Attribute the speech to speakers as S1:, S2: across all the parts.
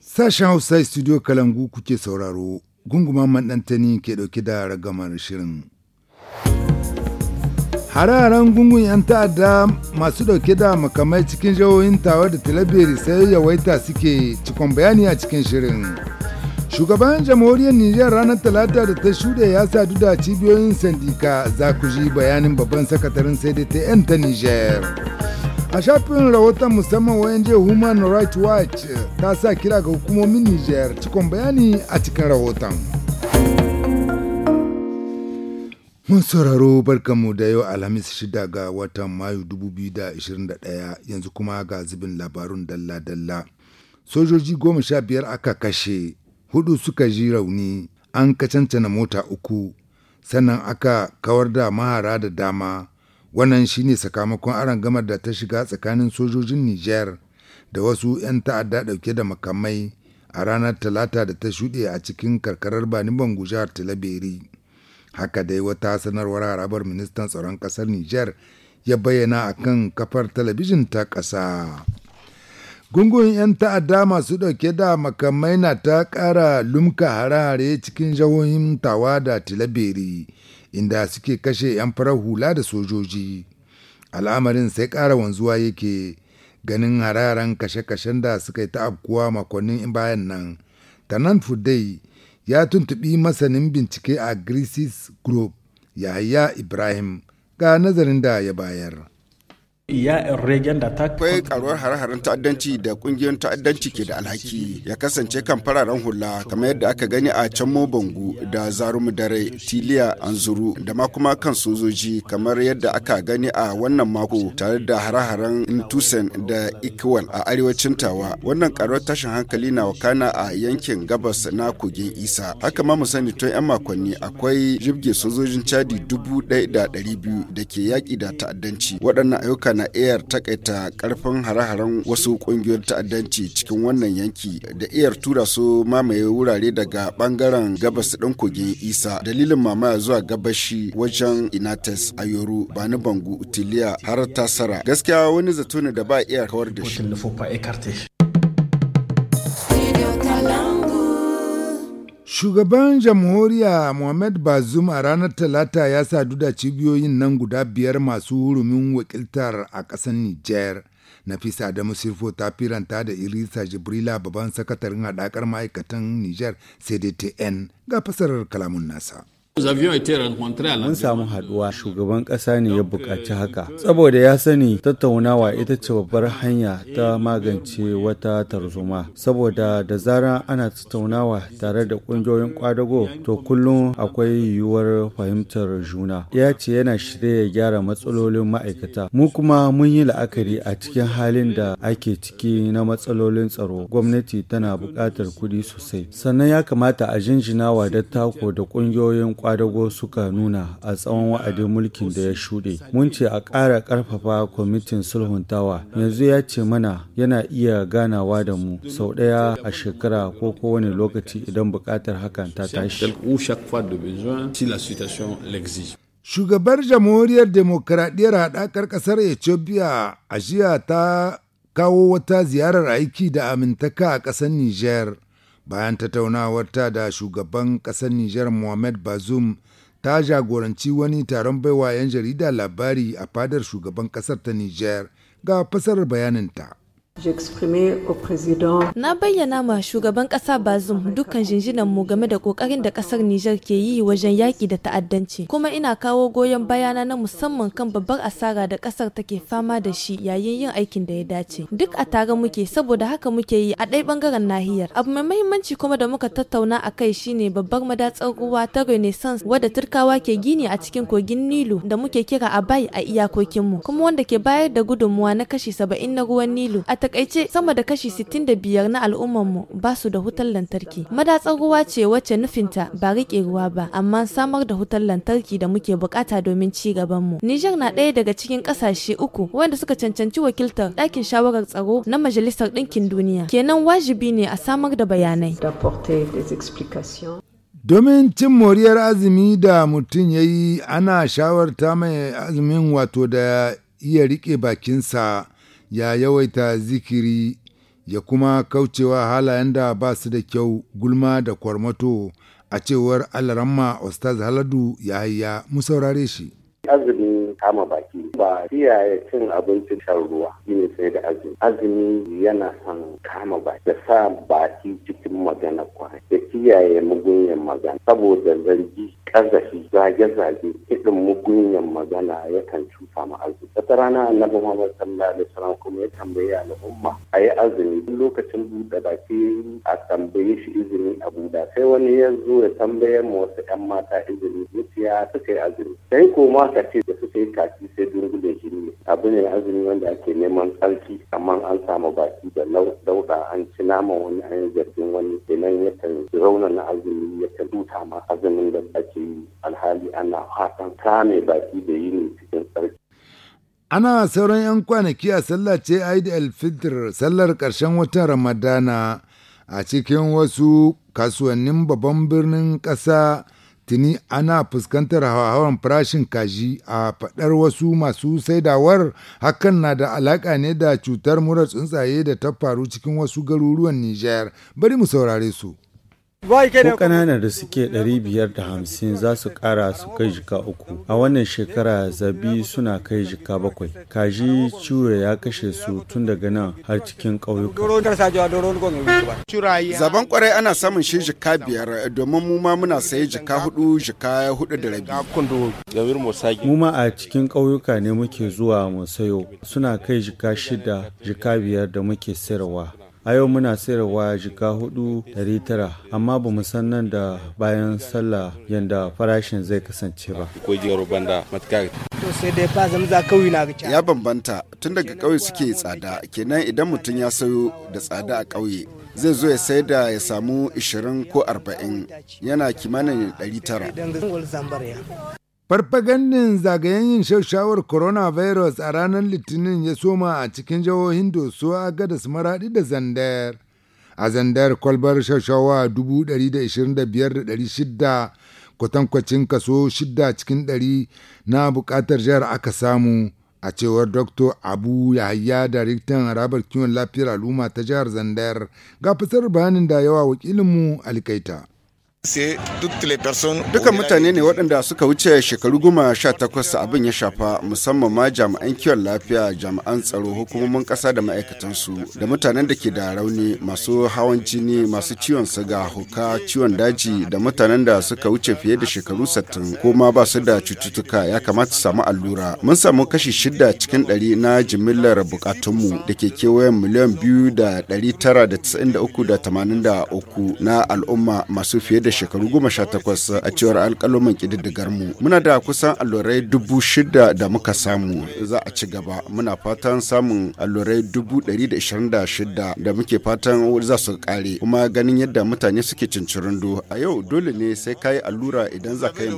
S1: Sashen Hausa Studio Kalangu kuke sauraro, gunguma maɗantani ke ɗauke da ragamar shirin. hare gungun 'yan ta'adda masu ɗauke da makamai cikin jihohin tawa da talabiri sai yawaita suke cikon bayani a cikin shirin. Shugaban jamhuriyar Nijar ranar Talata da ta shuɗe ya sadu da cibiyoyin sandika za ku ji bayanin babban sakataren CDTN ta Nijar. A shafin rahoton musamman je Human Rights Watch ta sa kira ga hukumomin Nijar cikon bayani a cikin rahoton. Mun sauraro barkanmu da yau Alhamis shida ga watan Mayu 2021 yanzu kuma ga zubin labarun dalla-dalla. Sojoji goma sha biyar aka kashe hudu suka ji rauni an kacancana mota uku sannan aka kawar da mahara da dama wannan shine sakamakon arangamar da ta shiga tsakanin sojojin niger da wasu 'yan ta'adda dauke da makamai a ranar talata da ta shuɗe a cikin karkarar bani jihar talaberi haka dai wata sanarwar harabar ministan tsaron ƙasar niger ya bayyana akan kafar talabijin ta ƙasa. Gungun 'yan ta'adda masu ɗauke da makamai na ta ƙara lumka hare-hare cikin jihohin tawa da tilaberi inda suke kashe 'yan farar hula da sojoji. Al'amarin sai ƙara wanzuwa yake ganin hararen kashe-kashen da suka yi ta afkuwa makonnin bayan nan. Tanan Fudai ya tuntuɓi masanin bincike a Grisis Group Yahaya Ibrahim ga nazarin da ya bayar.
S2: da
S3: ta Akwai karuwar hare-haren ta'addanci da kungiyoyin ta'addanci ke da alhaki ya kasance kan fararen hula kamar yadda aka gani a can bangu da zarumu dare tiliya anzuru da ma kuma kan sojoji kamar yadda aka gani a wannan mako tare da hare-haren Ntusen da ikwal a arewacin tawa wannan karuwar tashin hankali na wakana a yankin gabas na kogin isa haka ma mu sani tun yan makonni akwai jibge sojojin cadi dubu ɗaya da ɗari biyu da ke yaƙi da ta'addanci waɗannan ayyuka na iyar takaita karfin hare-haren wasu kungiyoyin ta'addanci cikin wannan yanki da iyar tura su mamaye wurare daga bangaren gabas ɗin kogin isa dalilin mamaya zuwa gabashi wajen inates ayoru bani bangu utiliya har tasara gaskiya wani zato ne da ba iya kawar da shi
S1: Shugaban jamhuriya Mohamed Bazoum a ranar Talata ya sadu da cibiyoyin nan guda biyar masu hurumin wakiltar a ƙasar Nijar. Nafisa da Musirfo ta firanta da Irisa Jibrila babban sakatarin haɗakar
S2: ma'aikatan Nijar CDTN ga fasarar kalamun nasa. Mun samu haduwa shugaban ƙasa ne ya bukaci haka, saboda ya sani tattaunawa ita ce babbar hanya ta magance wata tarzoma, saboda da zara ana tattaunawa tare da ƙungiyoyin kwadago to kullum akwai yiwuwar fahimtar juna. Ya ce yana shirya ya gyara matsalolin ma'aikata. Mu kuma mun yi la'akari a cikin halin da ake ciki na matsalolin tsaro, gwamnati tana buƙatar kuɗi sosai. Sannan ya kamata a jinjinawa da tako da kungiyoyin kwadago suka nuna a tsawon wa'adin mulkin da ya shuɗe mun ce a ƙara ƙarfafa kwamitin sulhuntawa yanzu ya ce mana yana iya ganawa da mu sau ɗaya a shekara ko kowane lokaci idan buƙatar hakan ta tashi
S1: Shugabar Jamhuriyar demokuraɗiyar Haɗakar Ƙasar Ethiopia a jiya ta kawo wata ziyarar aiki da amintaka a ƙasar Nijar. bayan tattaunawar ta da shugaban ƙasar Nijar Mohamed Bazoum ta jagoranci wani taron baiwa 'yan jarida labari a fadar shugaban ƙasar ta Nijar ga fasarar bayaninta.
S4: Na bayyana ma shugaban kasa Bazum dukkan jinjinan mu game da kokarin da ƙasar Nijar ke yi wajen yaƙi da ta'addanci, kuma ina kawo goyon bayana na musamman kan babbar asara da ƙasar take fama da shi yayin yin aikin da ya dace. Duk a tare muke saboda haka muke yi a ɗai bangaren nahiyar. Abu mai mahimmanci kuma da muka tattauna a kai shine babbar madatsar ruwa ta Renaissance wadda Turkawa ke gini a cikin kogin Nilu da muke kira Abai a iyakokinmu, kuma wanda ke bayar da gudunmuwa na kashi saba'in na ruwan Nilu takaice sama da kashi 65 na al'ummarmu ba su da wutar lantarki. Madatsar ruwa ce wacce nufinta ba rike ruwa ba, amma samar da wutar lantarki da muke bukata domin ci gabanmu. niger na ɗaya daga cikin ƙasashe uku wanda suka cancanci wakiltar ɗakin shawarar tsaro na Majalisar Ɗinkin Duniya. Kenan wajibi ne a samar da bayanai.
S1: Domin cin moriyar azumi da mutum ya yi ana shawarta mai azumin wato da iya rike bakinsa ya yawaita zikiri ya kuma kaucewa halayen da ba su da kyau gulma da kwarmato a cewar alaramma Ostaz Haladu ya haya mu saurare shi.
S4: Azumi kama baki ba kiyaye cin abincin shan ruwa shine sai da azumi azumi yana son kama baki da sa baki cikin magana kwana da kiyaye mugunyan magana saboda zargi kazafi zage-zage kiɗin mugunyan magana yakan cuta ma azumi wata rana annabi muhammad sallallahu alaihi wasallam kuma ya tambayi al'umma a azumi duk lokacin buɗe baki a tambaye shi izini a da. sai wani ya zo ya tambaye mu wasu 'yan mata izini mutiya suka yi azumi sai koma ka ce da suka sai kaki sai dungule shi ne abu ne azumi wanda ake neman tsarki amma an samu baki da dauda an ci nama wani an yi zargin wani kenan zauna na azumi kan duta ma azumin da ake yi alhali ana fatan kame baki da yi ne cikin tsarki
S1: ana sauran 'yan kwanaki a sallah ce Eid al sallar karshen watan Ramadana a cikin wasu kasuwannin babban birnin ƙasa tuni ana fuskantar hawan farashin kaji a faɗar wasu masu saidawar hakan na da alaƙa ne da cutar mura tsuntsaye da ta faru cikin wasu garuruwan Nijar bari mu saurare su.
S2: Ko ƙananan da suke 550 za su ƙara su kai jika uku. A wannan shekara zabi suna kai jika bakwai. Kaji cure ya kashe su tun daga nan har cikin ƙauyuka.
S3: Zaben kwarai ana samun shi jika biyar domin mu ma muna sayi jika hudu jika hudu da
S2: rabi. Mu ma a cikin ƙauyuka ne muke zuwa mu sayo suna kai jika shida jika biyar da muke sayarwa. a yau muna sayarwa jika hudu dari amma ba san nan da bayan sallah yadda farashin zai kasance ba
S3: ya bambanta tun daga ƙauye suke tsada kenan idan mutum ya sayo da tsada a ƙauye zai zo ya sai da ya samu
S1: 20 ko 40 yana kimanin
S4: 900
S1: Farfagandun zagayen yin shawar coronavirus a ranar Litinin ya soma a cikin jihohin Dosuwa, Gadas, Maraɗi da Zandar. A Zandar kwalbar shashawa 125,600 kwatankwacin kaso 6 cikin 100 na bukatar jihar aka samu. A cewar Dr. Abu Yahaya Daraktan Harabar Kiwon Lafiyar Al'umma ta jihar Zandar ga fasar bayanin da yawa wakilinmu Alkaita.
S3: sai Duka mutane ne waɗanda suka wuce shekaru goma sha takwas abin ya shafa musamman ma jami'an kiwon lafiya jami'an tsaro hukumomin ƙasa da ma'aikatansu da mutanen da ke da rauni masu hawan jini masu ciwon siga huka ciwon daji da mutanen da suka wuce fiye da shekaru sattin ko ma ba su da cututtuka ya kamata samu allura. Mun samu kashi shida cikin ɗari na jimillar bukatunmu da ke kewayen miliyan biyu da ɗari tara da tasa'in da uku da tamanin da uku na al'umma masu fiye da shekaru goma sha takwas a cewar alƙaluman ƙididdigar mu. Muna da kusan allurai dubu shida da muka samu za a ci gaba. Muna fatan samun allurai dubu ɗari da ishirin da shida da muke fatan za su ƙare kuma ganin yadda mutane suke cincirindo a yau dole ne sai ka yi allura idan za ka yi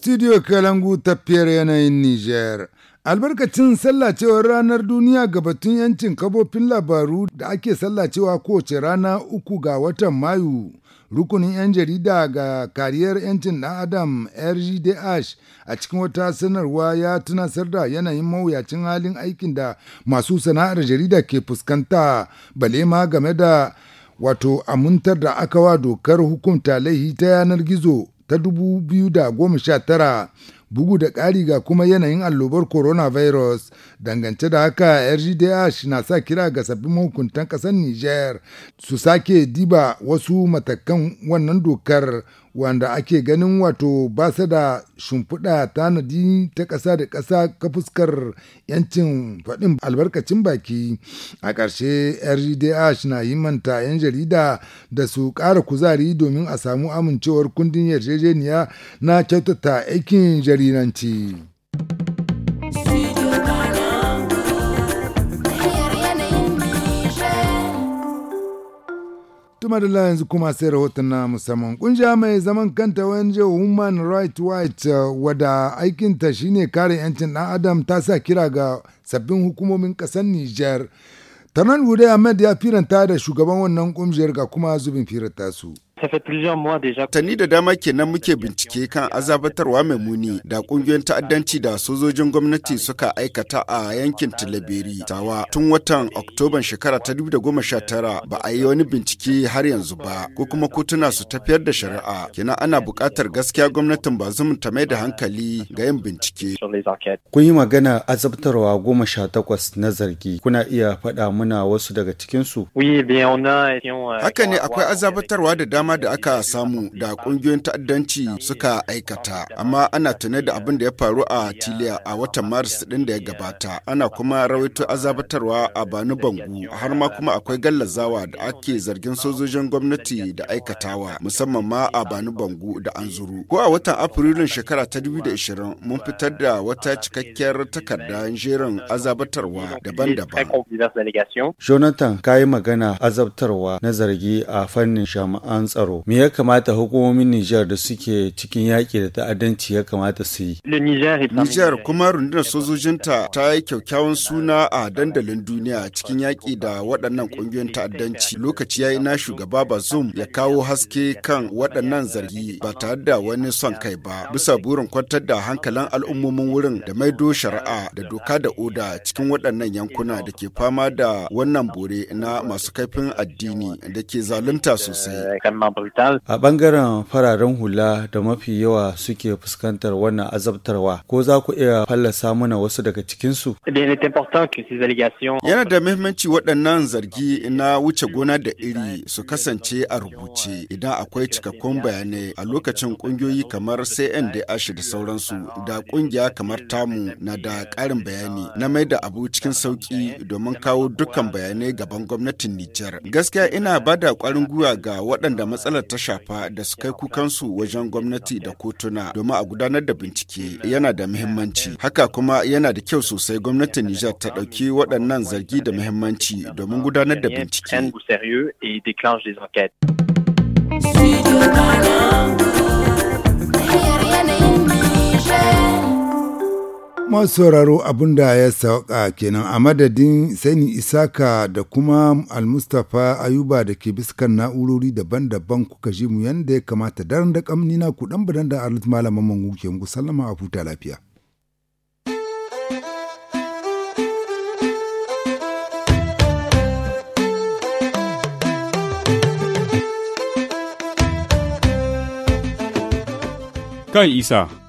S1: Studio Kalangu tafiyar yanayin Niger. albarkacin sallacewar ranar duniya ga batun yancin kabofin labaru da ake sallacewa kowace rana uku ga watan mayu rukunin 'yan jarida ga kariyar yancin ɗan adam rgdh a cikin wata sanarwa ya tunasar da yanayin mawuyacin halin aikin da masu sana'ar jarida ke fuskanta balema game da wato amintar da aka wa dokar hukunta laihi ta yanar gizo ta 2019 bugu da ƙari ga kuma yanayin allobar coronavirus dangance da haka rgdh na sa kira ga sabbin mahukuntan ƙasar niger su sake diba wasu matakan wannan dokar wanda ake ganin wato ba su da shimfiɗa tanadi ta ƙasa da ƙasa ka fuskar yancin faɗin albarkacin baki a ƙarshe rgdh na yi manta 'yan jarida da su ƙara kuzari domin a samu amincewar kundin yarjejeniya na kyautata aikin jaridanci. madalla yanzu kuma sai rahoton na musamman kungiya mai zaman kanta wanje human right watch wada aikinta shine kare 'yancin dan adam ta sa kira ga sabbin hukumomin kasar niger tanan hude ahmed ya firanta da shugaban wannan kungiyar ga kuma zubin firar tasu. su
S3: Tani da dama kenan muke bincike kan azabatarwa mai muni da kungiyoyin ta'addanci da sojojin gwamnati suka aikata a yankin Tilaberi tawa tun watan Oktoban shekara ta 2019 ba a yi wani bincike har yanzu ba ko kuma kotuna su tafiyar da shari'a kenan ana buƙatar gaskiya gwamnatin ba zumun ta mai da hankali ga yin bincike.
S2: Kun yi magana azabtarwa goma sha takwas na zargi kuna iya faɗa muna wasu daga cikinsu.
S3: Euh, Haka ne akwai azabatarwa da dama dama da aka samu da kungiyoyin ta'addanci suka aikata amma ana tune da abin da ya faru a tiliya a watan maris din da ya gabata ana kuma rawaito azabatarwa a banu bangu har ma kuma akwai gallazawa da ake zargin sojojin gwamnati da aikatawa musamman ma a bani bangu da anzuru ko a watan afrilun shekara ta 2020 mun fitar da wata cikakkiyar takardar jerin azabatarwa daban-daban
S2: Jonathan ka magana azabtarwa na zargi a fannin jami'an tsaro me ya kamata hukumomin Nijar da suke cikin yaki da ta'addanci ya kamata su yi
S3: Nijar kuma rundunar sojojinta ta yi kyakkyawan suna a dandalin duniya cikin yaƙi da waɗannan ƙungiyoyin ta'addanci lokaci yayi na shugaba Bazoum ya kawo haske kan waɗannan zargi ba tare da wani son kai ba bisa burin kwantar da hankalin al'ummomin wurin da maido shari'a da doka da oda cikin waɗannan yankuna da ke fama da wannan bore na masu kaifin addini da ke zalunta
S2: sosai. Eh, A bangaren fararen hula da mafi yawa suke fuskantar wannan azabtarwa, ko za ku iya fallasa mana wasu daga cikinsu?
S4: Yana
S3: da mahimmanci waɗannan zargi na wuce gona da iri su kasance a rubuce idan akwai cikakkun bayanai a lokacin ƙungiyoyi kamar CNDH da sauransu da ƙungiya kamar tamu na da ƙarin bayani na mai da abu cikin sauƙi domin kawo dukkan bayanai gaban gwamnatin Nijar. Gaskiya ina ba da ƙwarin gwiwa ga waɗanda matsalar ta shafa da su kai kukansu wajen gwamnati da kotuna domin a gudanar da bincike yana da muhimmanci. Haka kuma yana da kyau sosai gwamnatin Nijar ta ɗauki waɗannan zargi da muhimmanci domin gudanar da bincike.
S1: masu sauraro abin da ya sauka kenan a madadin sani isaka da kuma almustapha ayuba da ke biskan na'urori daban-daban kuka ji mu yadda ya kamata daren da kamni na ku dan badan da arlit malaman mangu ke muku sallama a huta lafiya
S2: kai isa